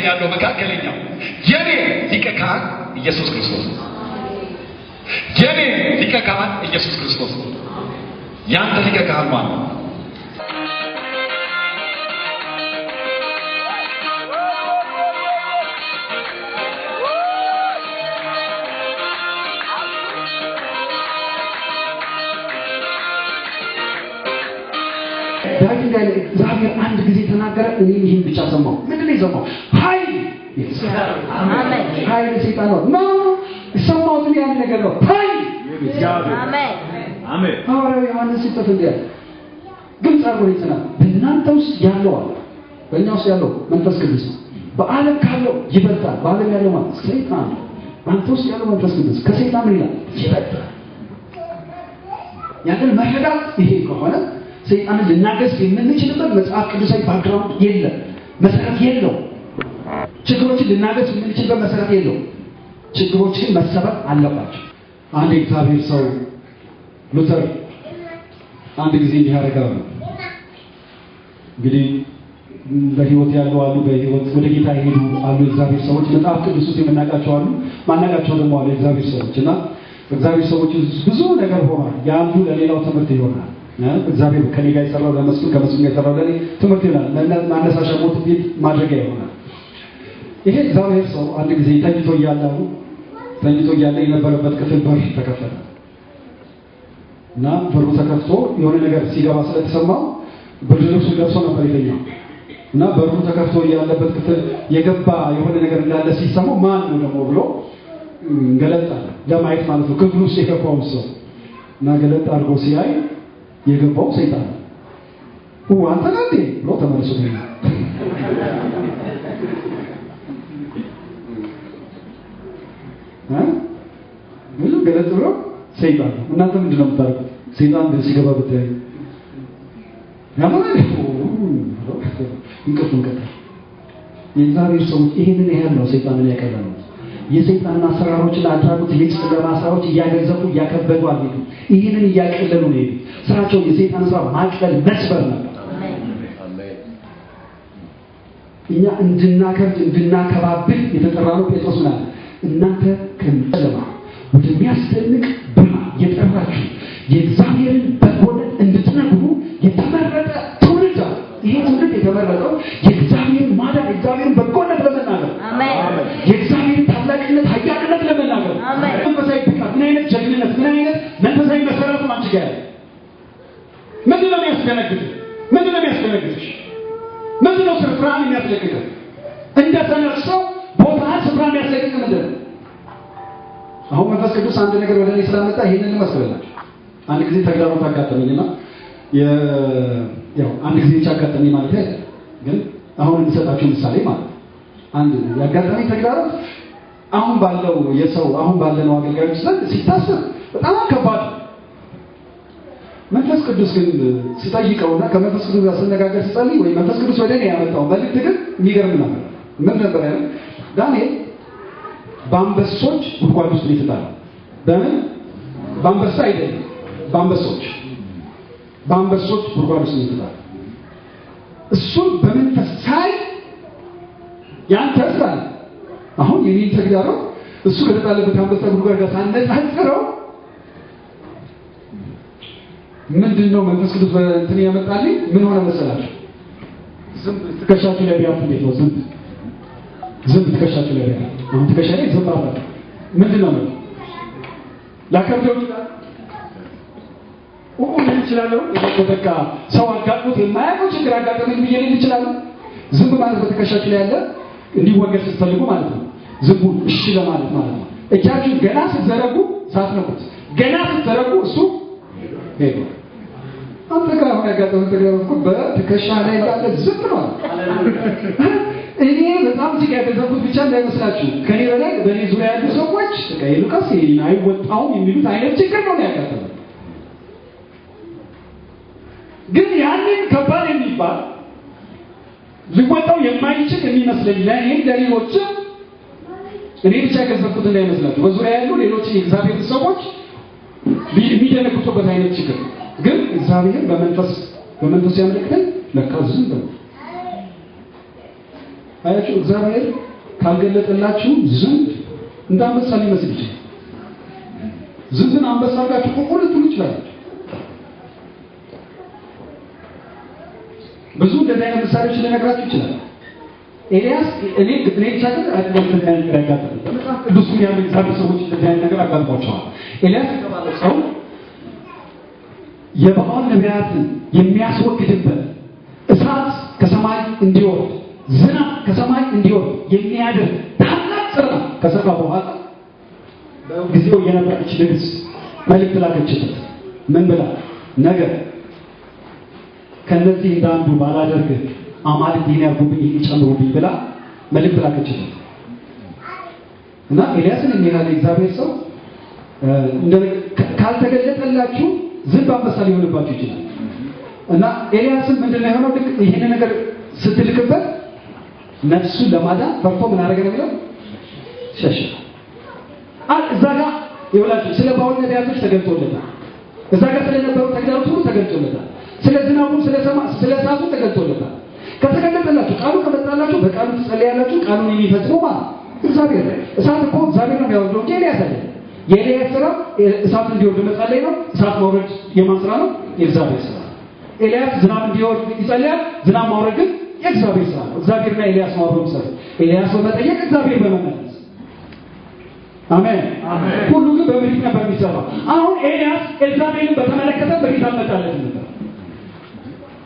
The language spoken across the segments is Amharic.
መካከል ያለው መካከለኛው የኔ ሊቀ ካህን ኢየሱስ ክርስቶስ ነው። የኔ ሊቀ ካህን ኢየሱስ ክርስቶስ ያንተ ሊቀ ካህን ማን ነው? ዳዊት እንዳለ እግዚአብሔር አንድ ጊዜ ተናገረ፣ እኔ ይህን ብቻ ሰማሁ። ምንድን ነው የሰማሁ? ኃይል ሴጣን ነው ኖ ሰማሁት ያን ነገር ነው ሐዋርያው ዮሐንስ ሲጽፍ እንዲያል ግልጽ አርጎ ይጽናል። በእናንተ ውስጥ ያለው አለ በእኛ ውስጥ ያለው መንፈስ ቅዱስ በዓለም ካለው ይበልጣል። በዓለም ያለው ማለት ሰይጣን ነው። አንተ ውስጥ ያለው መንፈስ ቅዱስ ከሰይጣን ምን ይላል? ይበልጣል። ያንን መረዳት ይሄ ከሆነ ሰይጣንን ልናገስ የምንችልበት መጽሐፍ ቅዱሳዊ ባክግራውንድ የለም፣ መሰረት የለውም። ችግሮችን ልናገስ የምንችልበት መሰረት የለው። ችግሮች ግን መሰበር አለባቸው። አንድ እግዚአብሔር ሰው ሉተር አንድ ጊዜ እንዲህ ነው። እንግዲህ በህይወት ያሉ አሉ፣ በህይወት ወደ ጌታ የሄዱ አሉ፣ የእግዚአብሔር ሰዎች መጽሐፍ ቅዱስ ውስጥ የምናውቃቸው አሉ፣ ማናውቃቸው ደግሞ አሉ፣ የእግዚአብሔር ሰዎች እና እግዚአብሔር ሰዎች ብዙ ነገር ሆኗል። የአንዱ ለሌላው ትምህርት ይሆናል። እግዚአብሔር ከኔ ጋር የሰራው ለመስፍን ከመስፍን የሰራው ትምህርት ይሆናል። ማነሳሻ ሞት ማድረጊያ ይሆናል። ይሄ እግዚአብሔር ሰው አንድ ጊዜ ተኝቶ እያለ ነው ተኝቶ እያለ የነበረበት ክፍል በር ተከፈተ እና በሩ ተከፍቶ የሆነ ነገር ሲገባ ስለተሰማው ብርድ ልብሱን ለብሶ ነበር የተኛው እና በሩ ተከፍቶ ያለበት ክፍል የገባ የሆነ ነገር እንዳለ ሲሰማው ማን ነው ደግሞ ብሎ ገለጣ ለማየት ማለት ነው ክፍሉ ውስጥ የገባውን ሰው እና ገለጥ አድርጎ ሲያይ የገባው ሰይጣን ነው አንተ ብሎ ተመልሶ ብዙ ገለጥ ብሎ ሰይጣን ነው። እናንተ ምንድን ነው የምታደርጉት? ሰይጣን ግን ሲገባ ብታዩ እንቅልፍ እንቀጠል። የእግዚአብሔር ሰዎች ይህንን ያህል ነው ሰይጣንን ነው የሰይጣን አሰራሮችና አድራጎት የጨለማ ስራዎች እያገዘፉ እያከበዱ አልሄዱ። ይህንን እያቀለሉ ነው ሄዱ። ስራቸው የሰይጣን ስራ ማቅለል መስበር ነው እኛ እንድናከብድ እንድናከባብል የተጠራ ነው ጴጥሮስ ምናለ እናንተ ከጨለማ ወደሚያስደንቅ ብርሃን የጠራችሁ የእግዚአብሔርን ነገር ወደ እኔ ስላመጣ ይሄንን ልመስክርላችሁ። አንድ ጊዜ ተግዳሮት አጋጠመኝ ያው አንድ ጊዜ ብቻ አጋጠመኝ ማለት ያለ ግን አሁን እንዲሰጣችሁ ምሳሌ ማለት አንድ ያጋጠመኝ ተግዳሮት አሁን ባለው የሰው አሁን ባለነው አገልጋዮች ዘንድ ሲታሰብ በጣም ከባድ መንፈስ ቅዱስ ግን ስጠይቀውና ከመንፈስ ቅዱስ ጋር ስነጋገር ስጸልይ ወይ መንፈስ ቅዱስ ወደ እኔ ያመጣው መልእክት ግን የሚገርም ነበር። ምን ነበር ያለ? ዳንኤል በአንበሶች ጉድጓድ ውስጥ ነው በምን በአንበሳ አይደለም፣ በአንበሶች በአንበሶች ጉድጓድ ውስጥ ይገባል። እሱን በመንፈስ ሳይ ያንተ ስራ አሁን የኔ ተግዳሮ እሱ ከተጣለበት አንበሳ ጉድጓድ ጋር ሳነጻጽረው ምንድን ነው መንፈስ ቅዱስ በእንትን ያመጣልኝ? ምን ሆነ መሰላችሁ? ዝም ትከሻችሁ ላይ ያፍ እንዴት ነው? ዝም ዝም ትከሻችሁ ላይ ያፍ አሁን ትከሻ ላይ ዝም አባ ምንድን ነው ላከብደው ይችላል ቁቁ ልል እችላለሁ። በቃ ሰው አጋጥሞት የማያውቀው ችግር አጋጠመኝ ብዬ ልል እችላለሁ። ዝም ማለት በትከሻችሁ ላይ ያለ እንዲወገድ ስትፈልጉ ማለት ነው። ዝም እሺ ለማለት ማለት ነው። እጃችሁ ገና ስትዘረጉ ሳትነኩት፣ ገና ስትዘረጉ እሱ ሄዶ አንተ ጋር አሁን ያጋጠመ ተገረኩ በትከሻ ላይ ያለ ዝም ነው እኔ ፖለቲካ ያደረኩት ብቻ እንዳይመስላችሁ ከኔ በላይ በእኔ ዙሪያ ያሉ ሰዎች ሉቃስ አይወጣውም የሚሉት አይነት ችግር ነው ያጋጠመው። ግን ያንን ከባድ የሚባል ሊወጣው የማይችል የሚመስለኝ ለእኔ ለሌሎችም እኔ ብቻ የገዘፍኩት እንዳይመስላችሁ በዙሪያ ያሉ ሌሎች የእግዚአብሔር ሰዎች የሚደነግጡበት አይነት ችግር ግን እግዚአብሔር በመንፈስ በመንፈስ ያመለክተኝ ለካ ዝም ብለው አያችሁ እግዚአብሔር ካልገለጠላችሁ ዝንብ እንደ አንበሳ ሊመስል ይችላል። ዝንብን አንበሳ ጋር ቆቆለት ሁሉ ይችላል። ብዙ እንደዚህ አይነት ምሳሌዎች ልነግራችሁ ይችላል። ኤልያስ እኔ እኔ ይቻላል አይደለም እንደዚህ አይነት ነገር ያጋጥማል። በጣም ቅዱስ ያለ እግዚአብሔር ሰዎች እንደዚህ አይነት ነገር አጋጥሟቸዋል። ኤልያስ የተባለው ሰው የባህል ነቢያትን የሚያስወግድበት እሳት ከሰማይ እንዲወርድ ዝናብ ከሰማይ እንዲሆን የሚያደርግ ታላቅ ስራ ከሰራ በኋላ ጊዜው የነበረች ልብስ መልእክት ላከችበት። ምን ብላ ነገር ከነዚህ እንዳንዱ ባላደርግ አማልክት የሚያርጉብኝ ይጨምሩብኝ ብላ መልእክት ላከችበት እና ኤልያስን የሚላለ እግዚአብሔር ሰው ካልተገለጠላችሁ ዝም አንበሳ ሊሆንባችሁ ይችላል እና ኤልያስን ምንድን ነው የሆነው? ይህን ነገር ስትልክበት ነፍሱን ለማዳን ፈርቶ ምን አደረገ ነው የሚለው ሸሸ። አል እዛ ጋር ይኸውላችሁ ስለ ባሁል ነቢያቶች ተገልጦለታል። እዛ ጋር ስለነበሩ ተግዳሮት ሁሉ ተገልጦለታል። ስለ ዝናቡ፣ ስለ ሰማ፣ ስለ እሳቱ ተገልጦለታል። ከተገለጠላችሁ ቃሉ ከመጣላችሁ በቃሉ ትጸልያላችሁ። ቃሉን የሚፈጽመው ማለት እግዚአብሔር ነው። እሳት እኮ እግዚአብሔር ነው የሚያወርደው እንጂ ኤልያስ አይደለም። የኤልያስ ስራ እሳት እንዲወርድ መጸለይ ነው። እሳት ማውረድ የማን ስራ ነው? የእግዚአብሔር ስራ። ኤልያስ ዝናብ እንዲወርድ ይጸልያል። ዝናብ ማውረድ ግን የእግዚአብሔር ስራ ነው። እግዚአብሔርና ኤልያስ ኤልያስ በመጠየቅ እግዚአብሔር በመመለስ አሜን። ሁሉ ግን ነበር የሚሰራው። አሁን ኤልያስ ኤልዛቤልን በተመለከተ ምሪት አልመጣለት ነበር።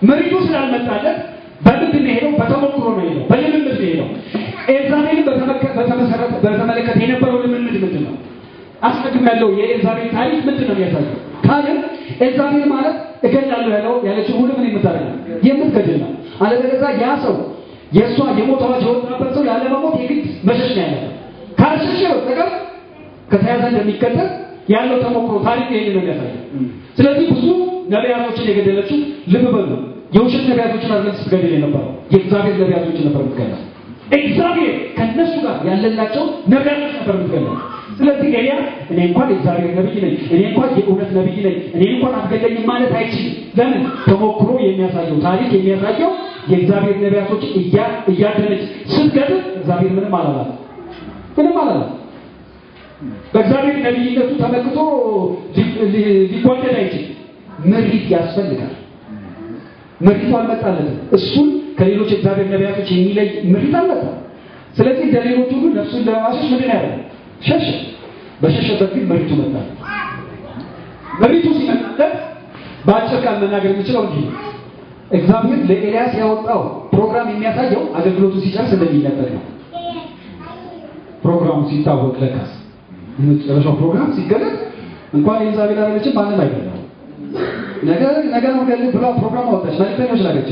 ምሪቱ ስላልመጣለት በምንድን ነው የሄደው? በተሞክሮ ነው የሄደው፣ በልምምድ ነው የሄደው። ኤልዛቤልን በተመለከተ የነበረው ልምምድ ምንድን ነው? አስቀድም ያለው የኤልዛቤል ታሪክ ምንድን ነው የሚያሳየው? ታዲያ ኤልዛቤል ማለት እገላለሁ ያለው ያለችው ሁሉ ምን የምታደርገው የምትገድል ነው አለበለዚያ ያ ሰው የእሷ የሞት አዋጅ የወጣበት ሰው ያለ መሞት የግድ መሸሽ ነው ያለበት። ካልሸሸ በስተቀር ከተያዘ እንደሚከተል ያለው ተሞክሮ ታሪክ ይህን የሚያሳየ ስለዚህ ብዙ ነቢያቶችን የገደለችው ልብ በሉ፣ የውሸት ነቢያቶችን አድርገን ስትገድል የነበረው የእግዚአብሔር ነቢያቶችን ነበር የምትገለው። እግዚአብሔር ከእነሱ ጋር ያለላቸው ነቢያቶች ነበር የምትገለው። ስለዚህ ገበያ እኔ እንኳን የእግዚአብሔር ነብይ ነኝ፣ እኔ እንኳን የእውነት ነብይ ነኝ፣ እኔ እንኳን አትገለኝም ማለት አይችልም። ለምን ተሞክሮ የሚያሳየው ታሪክ የሚያሳየው የእግዚአብሔር ነቢያቶች እያደነች ስትገጥም እግዚአብሔር ምንም አላላት፣ ምንም አላላት። በእግዚአብሔር ነቢይነቱ ተመክቶ ሊጓደድ አይችልም። ምሪት ያስፈልጋል። ምሪቱ አልመጣለትም። እሱን ከሌሎች እግዚአብሔር ነቢያቶች የሚለይ ምሪት አልመጣ ስለዚህ እንደሌሎች ሁሉ ነፍሱን ለማሸሽ ምንድን ያደርጋል? ሸሸ። በሸሸበት ግን መሬቱ መጣ። መሬቱ ሲመጣበት በአጭር ቃል መናገር የምችለው እንዲህ እግዚአብሔር ለኤልያስ ያወጣው ፕሮግራም የሚያሳየው አገልግሎቱ ሲጨርስ እንደሚነበር ነው። ፕሮግራሙ ሲታወቅ ለካስ የመጨረሻው ፕሮግራም ሲገለጥ እንኳን ኤልዛቤል አደረገችን ማንም አይደለም። ነገር ነገር ወደል ብሎ ፕሮግራም አወጣች። መልእክተኞች ላከች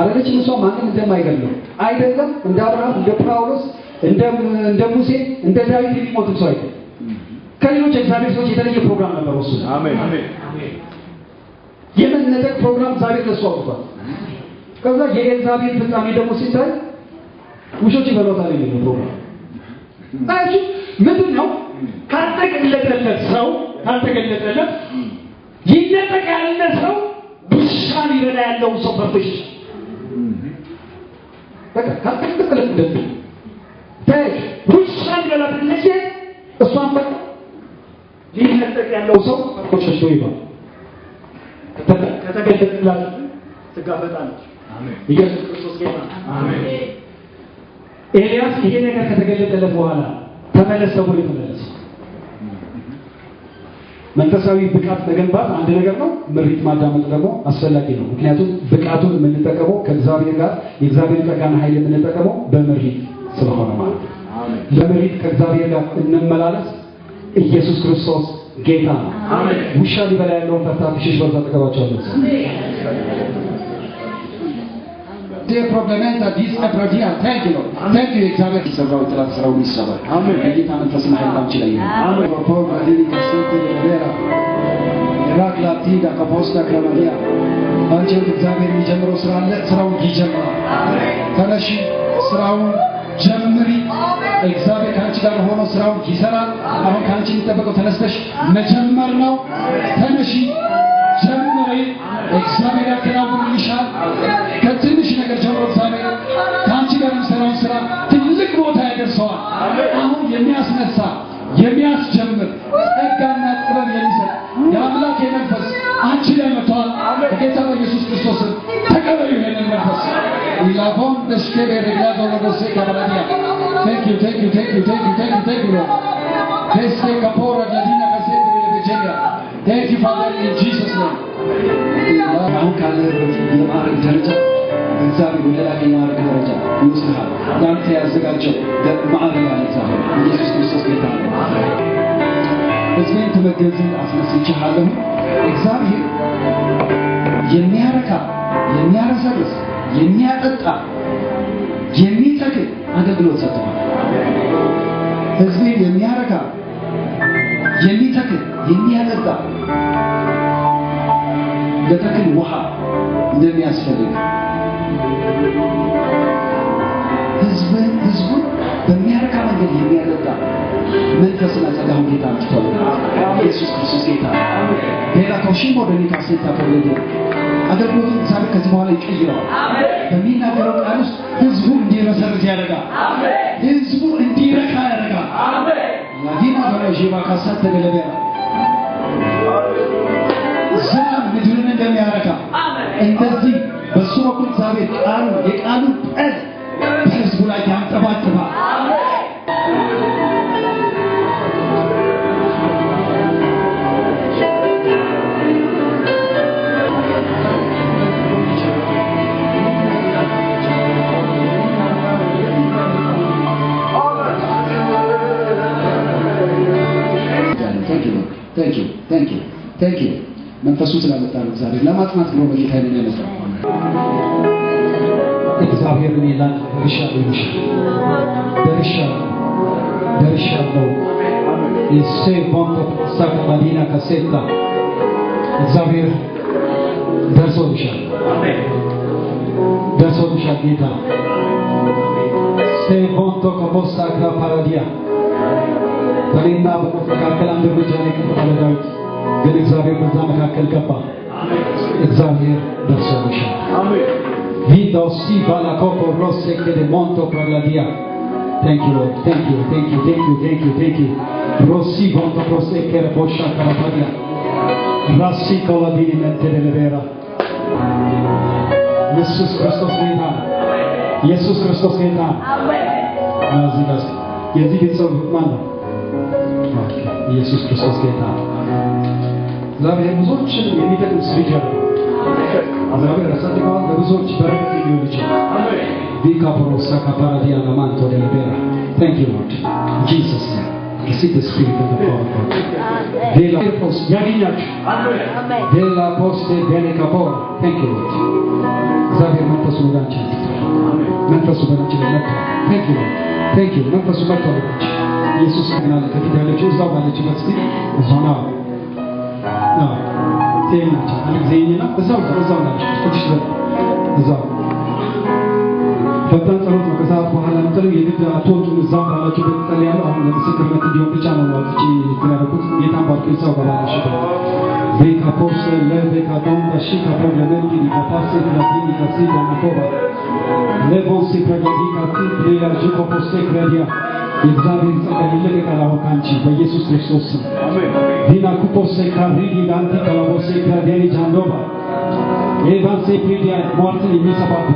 አደረገችን። እሷ ማንም እንደማይገድለው አይደለም እንደ አብርሃም እንደ ጳውሎስ እንደ ሙሴ እንደ ዳዊት የሚሞት ሰው አይደለም። ከሌሎች እግዚአብሔር ሰዎች የተለየ ፕሮግራም ነበር ወሱ አሜን አሜን። የመነጠቅ ፕሮግራም እግዚአብሔር ለሱ አውጥቷል። ከዛ የኤልዛቤል ፍጻሜ ደግሞ ሲታይ ውሾች ይበሏታል የሚለው ፕሮግራም አያችሁ። ምንድን ነው ካልተገለጠለት ሰው ካልተገለጠለት ይነጠቅ ያለ ሰው ብሻ ሊበላ ያለውን ሰው በብሽ በቃ ካልተገለጠለት ውሻ ይበላል እሷን ሊነጠቅ ያለው ሰው ይባል ትጋፈጣለች። ኢየሱስ ክርስቶስ ጌታ አሜን። ኤልያስ ይሄ ነገር ከተገለጠለት በኋላ ተመለስ የተመለሰ መንፈሳዊ ብቃት መገንባት አንድ ነገር ነው። ምሪት ማዳመጥ ደግሞ አስፈላጊ ነው። ምክንያቱም ብቃቱን የምንጠቀመው ከእግዚአብሔር ጋር የእግዚአብሔር ጠጋና ኃይል የምንጠቀመው በምሪት ስለሆነ ማለት ነው። በመሬት ከዛብ ጋር እንመላለስ። ኢየሱስ ክርስቶስ ጌታ ነው። ውሻ ሊበላ ያለውን ፈታ ሽሽ በዛ ተቀባቸዋለ። Der Proponent hat dies applaudiert. Thank you. Thank you, እግዚአብሔር ሰራው ጥራት ስራው ይሰራል። አሜን። በጌታ መንፈስ ማይላም ይችላል። አሜን። ፖፖ ባዲኒ ከሰተ ለበራ ራክ ላቲዳ ከፖስታ ከማዲያ አንቺ እግዚአብሔር የሚጀምረው ስራ አለ። ስራውን ይጀምራል። ተነሺ ስራውን ጀምሪ። እግዚአብሔር ከአንቺ ጋር ሆኖ ስራውን ይሰራል። አሁን ከአንቺ የሚጠበቀው ተነስተሽ መጀመር ነው። ተነሺ፣ ጀምሪ። እግዚአብሔር ያከናውንልሻል። ከትንሽ ነገር ጀምሮ እግዚአብሔር ከአንቺ ጋር የሚሰራውን ስራ ትልቅ ቦታ ያደርሰዋል። አሁን የሚያስነሳ የሚያስጀምር ጸጋና ጥበብ የሚሰጥ የአምላክ መንፈስ አንቺ ላይ መጥቷል። በጌታ በኢየሱስ ክርስቶስ ተቀበሉ ይሄንን መንፈስ ኢላፎን ደስኬቤ ሬግላቶ ለቦሴ ከበራዲያ ቴንክ ዩ ቴንክ ዩ ቴንክ ዩ ቴንክ ዩ ቴንክ ዩ ቴንክ ዩ ቴስኬ ከፖረ ጋዲና ከሴት ቤጀጋ ቴንክ ዩ ፋዘር ኢን ጂሰስ ኔም አሁን ካለበት የማዕረግ ደረጃ ግንዛቤ ወደላቀ የማድረግ ደረጃ ይወስድሃል። ለአንተ ያዘጋጀው ማዕረግ አለ እግዚአብሔር። ኢየሱስ ክርስቶስ ጌታ ነው። ህዝቤን ትመገዝን አስነስቼሃለሁ። እግዚአብሔር የሚያረካ የሚያረሰርስ፣ የሚያጠጣ፣ የሚጠግብ አገልግሎት ሰጥተዋል። ህዝቤን የሚያረካ የሚተክል የሚያጠጣ ለተክል ውሃ እንደሚያስፈልግ ህዝቡ በሚያረካ መንገድ የሚያረጋ መንፈስና ጸጋውን ጌታ አምጥቷል። ኢየሱስ ክርስቶስ ጌታ ቤላኮሺ ሞደኒካ ሴታ ተወለደ። አገልግሎቱ እግዚአብሔር ከዚህ በኋላ ይቀይረዋል። በሚናገረው ቃል ውስጥ ህዝቡ እንዲረሰርስ ያደርጋል። ህዝቡ እንዲረካ ያደርጋል። ያዲና በረዥባ ካሳት ተገለበያ ዝናብ ምድርን እንደሚያረካ እንደዚህ በኩል እግዚአብሔር ቃሉ የቃሉ ጠል በህዝቡ ላይ ያንጠባጥባል። መንፈሱን ስላመጣ ነው እግዚአብሔር ለማጥናት ብሎ በጌታ ነው ያመጣው። እግዚአብሔር እኔ ላንተ ደርሻለሁ ይልሻል። ደርሻለሁ ደርሻለሁ። ኢሴ ቧንቶ ሳክ መዲና ከሴታ እግዚአብሔር ደርሶልሻል፣ ደርሶልሻል ጌታ ሴቮንቶ ከፖስታ ክራ ፓራዲያ በእኔና በሞት መካከል አንድ እርምጃ ነው የቀረው ዳዊት። ግን እግዚአብሔር በዛ መካከል ገባ። እግዚአብሔር ደርሶልሻል። Vita si bala copor rosse che de monto per la dia. Thank you, Lord. Thank you, thank you, thank you, thank you, thank you. Rossi vonto prosse che poscia calapadia. Rassi colabini mente delle vera. Jesus Christos ጌታ ኢየሱስ ክርስቶስ ጌታ አሜን። የዚህ ቤተሰብ ማን ነው? ኢየሱስ ክርስቶስ ጌታ። ዛሬ ብዙዎችን የሚጠቅም ስፒች አለው Amen. manto Thank you Lord. Jesus name. Receive the spirit and the Amen. De la pos Amen. bene Thank you Lord. Amen. Thank you Lord. Thank you. زينة قالك زينة تسوق رزونا تشتغل زوج فبدأت أروح مكسات بحالة مثلا يبدأ توت النظام على كده تلي على هم لما سكر مت اليوم بيجانا ما تجي كنا نقول يتام بارك يسوع بلا شيء بيكا بوس لا بيكا دوم بشيكا بوم لا بيكا دي باباس لا بيكا سي لا نكوبا لا بوس بيكا دي كاتي بيلا جيكو بوس كريا يزابين سكر يلقى على وكانشي بيسوع كريستوس آمين dina dinakuposeka vingi danti kalaboseka deni jandoba evanse pidia mortini misabatu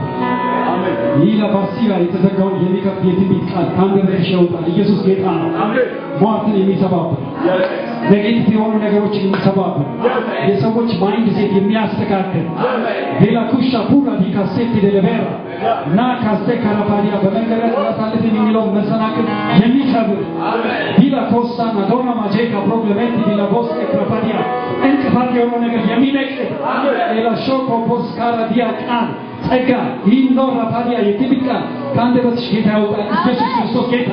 ሊላ ለፋርሲጋ የተዘጋውን የሚከፍት የትንቢት ቃል ከአንደበትሽ ይወጣል። ኢየሱስ ጌታ ነው። ሟርትን የሚሰባብር ነጌቲቭ የሆኑ ነገሮችን የሚሰባብር የሰዎች ማይንድ ሴት የሚያስተካክል ሌላ ኩሻ ፑራ ዲካሴት ደለቤራ እና ካስቴ ካራፓዲያ በመንገድ ላሳልፍ የሚለውን መሰናክል የሚሰብር ዲላ ኮስታ ና ዶና ማጄካ ፕሮብለሜቲ ዲላ ቦስ ክረፓዲያ እንቅፋት የሆነ ነገር የሚነቅል ሌላ ሾኮ ቦስ ካራዲያ ቃል ጸጋ ይኖር ራፋዲያ የትብቃ ከአንተ በትሽ ጌታ ያውጣል። ኢየሱስ ክርስቶስ ጌታ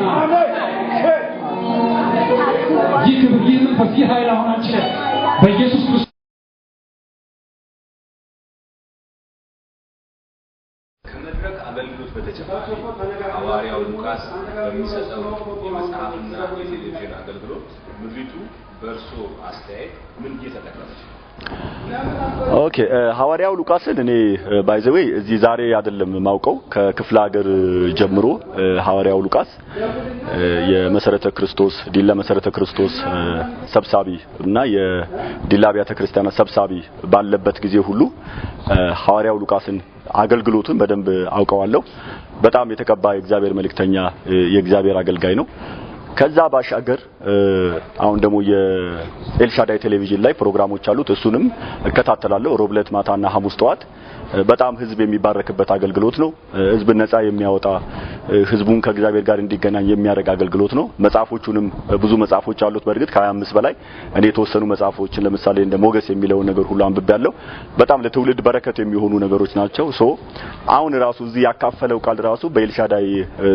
ይህ ክብር፣ ይህ መንፈስ፣ ይህ ኃይል አሁን አንቺ በኢየሱስ ክርስቶስ ከመድረክ አገልግሎት በተጨማሪ ሐዋርያው ሉቃስ በሚሰጠው የመጽሐፍና የቴሌቪዥን አገልግሎት ምድሪቱ በእርሶ አስተያየት ምን እየተጠቀመች ነው? ኦኬ ሐዋርያው ሉቃስን እኔ ባይዘዌይ እዚህ ዛሬ አይደለም ማውቀው ከክፍለ ሀገር ጀምሮ ሐዋርያው ሉቃስ የመሰረተ ክርስቶስ ዲላ መሰረተ ክርስቶስ ሰብሳቢ እና የዲላ አብያተ ክርስቲያናት ሰብሳቢ ባለበት ጊዜ ሁሉ ሐዋርያው ሉቃስን አገልግሎቱን በደንብ አውቀዋለሁ። በጣም የተቀባ የእግዚአብሔር መልእክተኛ የእግዚአብሔር አገልጋይ ነው። ከዛ ባሻገር አሁን ደግሞ የኤልሻዳይ ቴሌቪዥን ላይ ፕሮግራሞች አሉት። እሱንም እከታተላለሁ ሮብለት ማታና ሐሙስ ጠዋት በጣም ህዝብ የሚባረክበት አገልግሎት ነው። ህዝብ ነጻ የሚያወጣ ህዝቡን ከእግዚአብሔር ጋር እንዲገናኝ የሚያደርግ አገልግሎት ነው። መጽሐፎቹንም ብዙ መጽሐፎች አሉት። በእርግጥ ከ25 በላይ እኔ የተወሰኑ መጽሐፎችን ለምሳሌ እንደ ሞገስ የሚለውን ነገር ሁሉ አንብቤያለሁ። ያለው በጣም ለትውልድ በረከት የሚሆኑ ነገሮች ናቸው። ሶ አሁን ራሱ እዚህ ያካፈለው ቃል ራሱ በኤልሻዳይ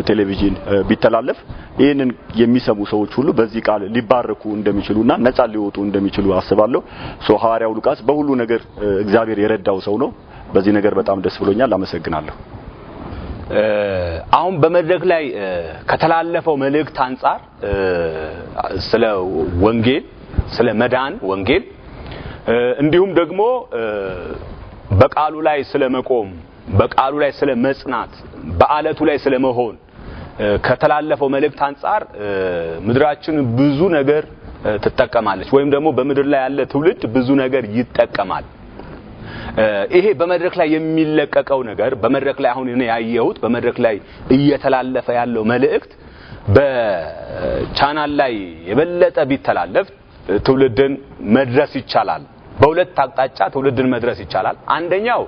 ቴሌቪዥን ቢተላለፍ ይህንን የሚሰሙ ሰዎች ሁሉ በዚህ ቃል ሊባረኩ እንደሚችሉና ነጻ ሊወጡ እንደሚችሉ አስባለሁ። ሶ ሐዋርያው ሉቃስ በሁሉ ነገር እግዚአብሔር የረዳው ሰው ነው። በዚህ ነገር በጣም ደስ ብሎኛል። አመሰግናለሁ። አሁን በመድረክ ላይ ከተላለፈው መልእክት አንጻር ስለ ወንጌል ስለ መዳን ወንጌል እንዲሁም ደግሞ በቃሉ ላይ ስለ መቆም በቃሉ ላይ ስለ መጽናት በአለቱ ላይ ስለ መሆን ከተላለፈው መልእክት አንጻር ምድራችን ብዙ ነገር ትጠቀማለች ወይም ደግሞ በምድር ላይ ያለ ትውልድ ብዙ ነገር ይጠቀማል። ይሄ በመድረክ ላይ የሚለቀቀው ነገር በመድረክ ላይ አሁን እኔ ያየሁት በመድረክ ላይ እየተላለፈ ያለው መልእክት በቻናል ላይ የበለጠ ቢተላለፍ ትውልድን መድረስ ይቻላል። በሁለት አቅጣጫ ትውልድን መድረስ ይቻላል። አንደኛው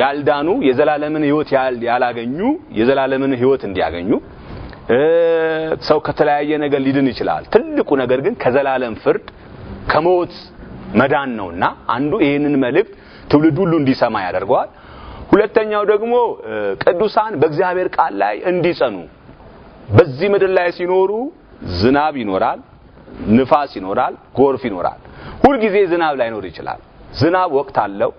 ያልዳኑ የዘላለምን ሕይወት ያላገኙ የዘላለምን ሕይወት እንዲያገኙ ሰው ከተለያየ ነገር ሊድን ይችላል። ትልቁ ነገር ግን ከዘላለም ፍርድ ከሞት መዳን ነውና አንዱ ይህንን መልእክት ትውልድ ሁሉ እንዲሰማ ያደርገዋል። ሁለተኛው ደግሞ ቅዱሳን በእግዚአብሔር ቃል ላይ እንዲጸኑ በዚህ ምድር ላይ ሲኖሩ ዝናብ ይኖራል፣ ንፋስ ይኖራል፣ ጎርፍ ይኖራል። ሁልጊዜ ዝናብ ላይኖር ይችላል። ዝናብ ወቅት አለው፣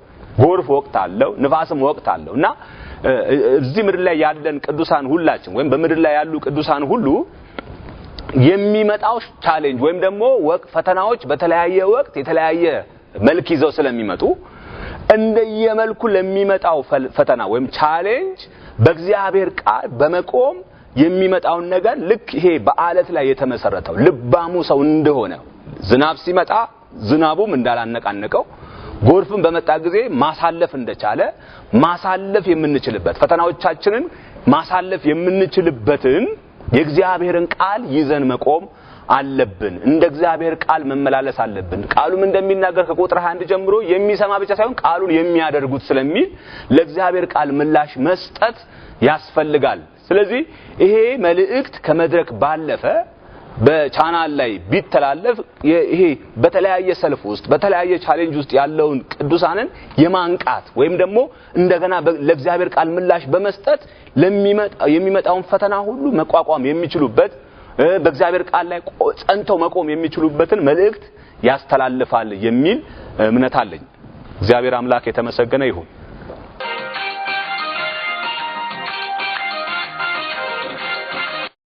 ጎርፍ ወቅት አለው፣ ንፋስም ወቅት አለው እና እዚህ ምድር ላይ ያለን ቅዱሳን ሁላችን ወይም በምድር ላይ ያሉ ቅዱሳን ሁሉ የሚመጣው ቻሌንጅ ወይም ደግሞ ፈተናዎች በተለያየ ወቅት የተለያየ መልክ ይዘው ስለሚመጡ እንደየመልኩ ለሚመጣው ፈተና ወይም ቻሌንጅ በእግዚአብሔር ቃል በመቆም የሚመጣውን ነገር ልክ ይሄ በአለት ላይ የተመሰረተው ልባሙ ሰው እንደሆነ ዝናብ ሲመጣ ዝናቡም እንዳላነቃነቀው ጎርፍን በመጣ ጊዜ ማሳለፍ እንደቻለ ማሳለፍ የምንችልበት ፈተናዎቻችንን ማሳለፍ የምንችልበትን የእግዚአብሔርን ቃል ይዘን መቆም አለብን። እንደ እግዚአብሔር ቃል መመላለስ አለብን። ቃሉም እንደሚናገር ከቁጥር 21 ጀምሮ የሚሰማ ብቻ ሳይሆን ቃሉን የሚያደርጉት ስለሚል ለእግዚአብሔር ቃል ምላሽ መስጠት ያስፈልጋል። ስለዚህ ይሄ መልእክት ከመድረክ ባለፈ በቻናል ላይ ቢተላለፍ ይሄ በተለያየ ሰልፍ ውስጥ በተለያየ ቻሌንጅ ውስጥ ያለውን ቅዱሳንን የማንቃት ወይም ደግሞ እንደገና ለእግዚአብሔር ቃል ምላሽ በመስጠት የሚመጣውን ፈተና ሁሉ መቋቋም የሚችሉበት በእግዚአብሔር ቃል ላይ ጸንተው መቆም የሚችሉበትን መልእክት ያስተላልፋል የሚል እምነት አለኝ። እግዚአብሔር አምላክ የተመሰገነ ይሁን።